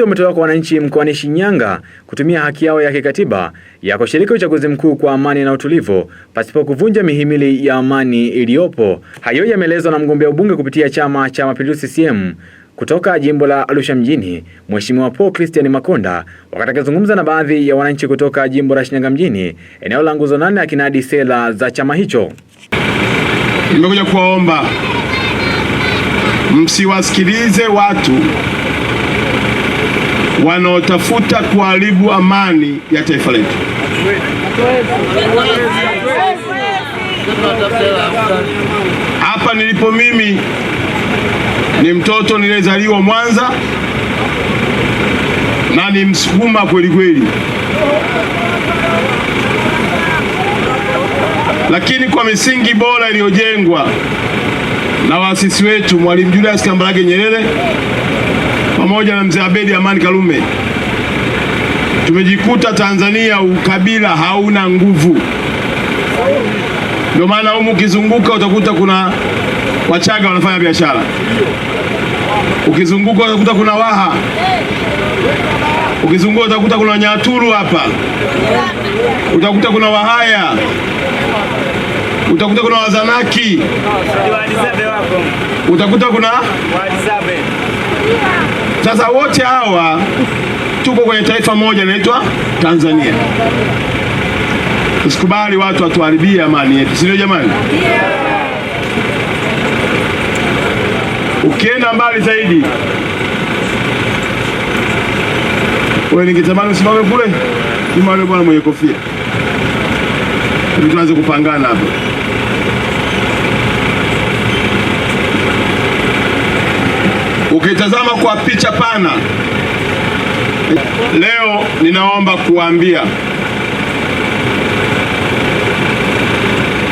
Wito umetolewa kwa wananchi mkoani Shinyanga kutumia haki yao ya kikatiba ya kushiriki uchaguzi mkuu kwa amani na utulivu pasipo kuvunja mihimili ya amani iliyopo. Hayo yameelezwa na mgombea ubunge kupitia Chama cha Mapinduzi CCM kutoka jimbo la Arusha mjini, Mheshimiwa Paul Christian Makonda wakati akizungumza na baadhi ya wananchi kutoka jimbo la Shinyanga mjini, eneo la nguzo nane, akinadi sera za chama hicho. Nimekuja kuwaomba msiwasikilize watu wanaotafuta kuharibu amani ya taifa letu. Hapa nilipo mimi ni mtoto niliyezaliwa Mwanza na ni Msukuma kweli kweli, lakini kwa misingi bora iliyojengwa na waasisi wetu Mwalimu Julius Kambarage Nyerere pamoja na mzee Abedi Amani Karume tumejikuta Tanzania ukabila hauna nguvu. Ndio maana humu ukizunguka utakuta kuna Wachaga wanafanya biashara, ukizunguka utakuta kuna Waha, ukizunguka utakuta kuna Nyaturu hapa, utakuta kuna Wahaya, utakuta kuna Wazanaki, utakuta kuna sasa wote hawa tuko kwenye taifa moja linaitwa Tanzania. Usikubali watu watuharibie amani yetu, sio jamani? Ukienda mbali zaidi, wewe ningetamani usimame kule nyuma yule bwana mwenye kofia, tuanze kupangana hapo. kwa picha pana. Leo ninaomba kuwaambia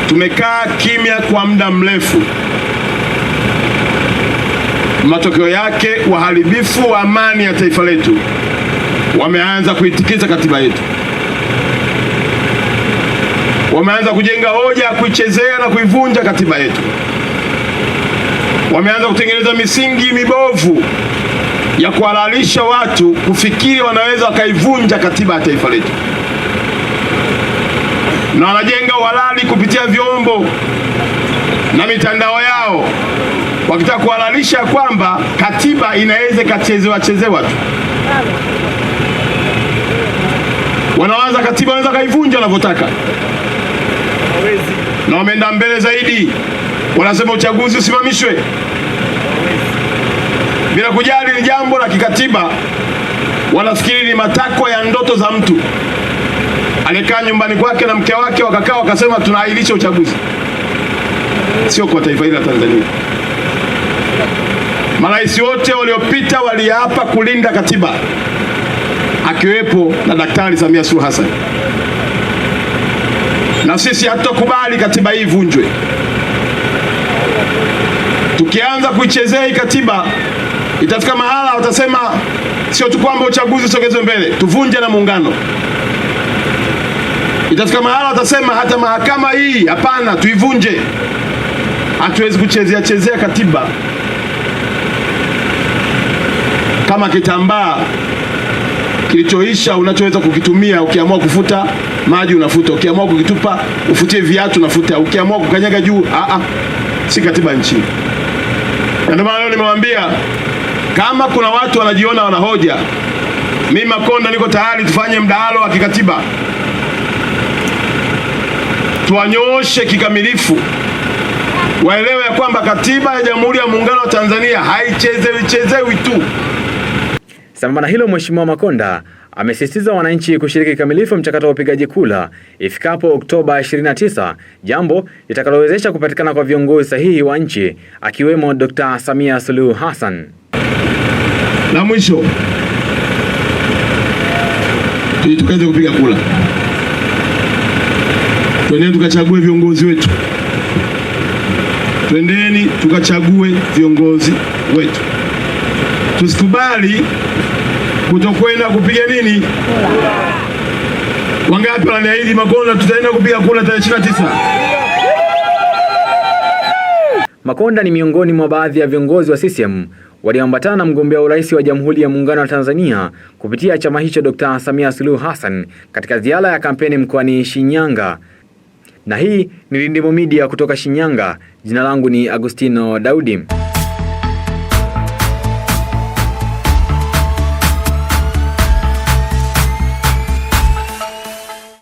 tumekaa kimya kwa muda mrefu. Matokeo yake waharibifu wa amani ya taifa letu wameanza kuitikiza katiba yetu, wameanza kujenga hoja ya kuichezea na kuivunja katiba yetu, wameanza kutengeneza misingi mibovu ya kuhalalisha watu kufikiri wanaweza wakaivunja katiba ya taifa letu, na wanajenga uhalali kupitia vyombo na mitandao yao wakitaka kuhalalisha kwamba katiba inaweza ikachezewa chezewa tu. Wanawaza katiba wanaweza kaivunja wanavyotaka, na wameenda mbele zaidi, wanasema uchaguzi usimamishwe bila kujali ni jambo la kikatiba, wanafikiri ni matakwa ya ndoto za mtu aliyekaa nyumbani kwake na mke wake, wakakaa wakasema tunaahirisha uchaguzi. Sio kwa taifa hili la Tanzania. Marais wote waliopita waliapa kulinda katiba, akiwepo na Daktari Samia Suluhu Hassan, na sisi hatutokubali katiba hii ivunjwe. Tukianza kuichezea hii katiba Itafika mahala watasema sio tu kwamba uchaguzi usogezwe mbele, tuvunje na muungano. Itafika mahala watasema hata mahakama hii hapana, tuivunje. Hatuwezi kuchezea chezea katiba kama kitambaa kilichoisha unachoweza kukitumia. Ukiamua kufuta maji unafuta, ukiamua kukitupa ufutie viatu unafuta, ukiamua kukanyaga juu. a ah, ah, si katiba nchini. Na ndio maana leo nimewaambia kama kuna watu wanajiona wanahoja mimi Makonda niko tayari tufanye mdahalo wa kikatiba, tuwanyooshe kikamilifu, waelewe ya kwamba katiba ya Jamhuri ya Muungano wa Tanzania haichezewi chezewi tu. Sambamba na hilo, Mheshimiwa Makonda amesisitiza wananchi kushiriki kikamilifu mchakato wa upigaji kura ifikapo Oktoba 29, jambo litakalowezesha kupatikana kwa viongozi sahihi wa nchi akiwemo Dr. Samia Suluhu Hassan. Na mwisho tukaweze kupiga kula, twendeni tukachague viongozi wetu, twendeni tukachague viongozi wetu, tusikubali kutokwenda kupiga nini? Wangapi wananiahidi Makonda tutaenda kupiga kula tarehe 29? Makonda ni miongoni mwa baadhi ya viongozi wa CCM walioambatana na mgombea urais wa Jamhuri ya Muungano wa Tanzania kupitia chama hicho Dr. Samia Suluhu Hassan katika ziara ya kampeni mkoani Shinyanga. Na hii ni Rindimo Media kutoka Shinyanga. Jina langu ni Agustino Daudi.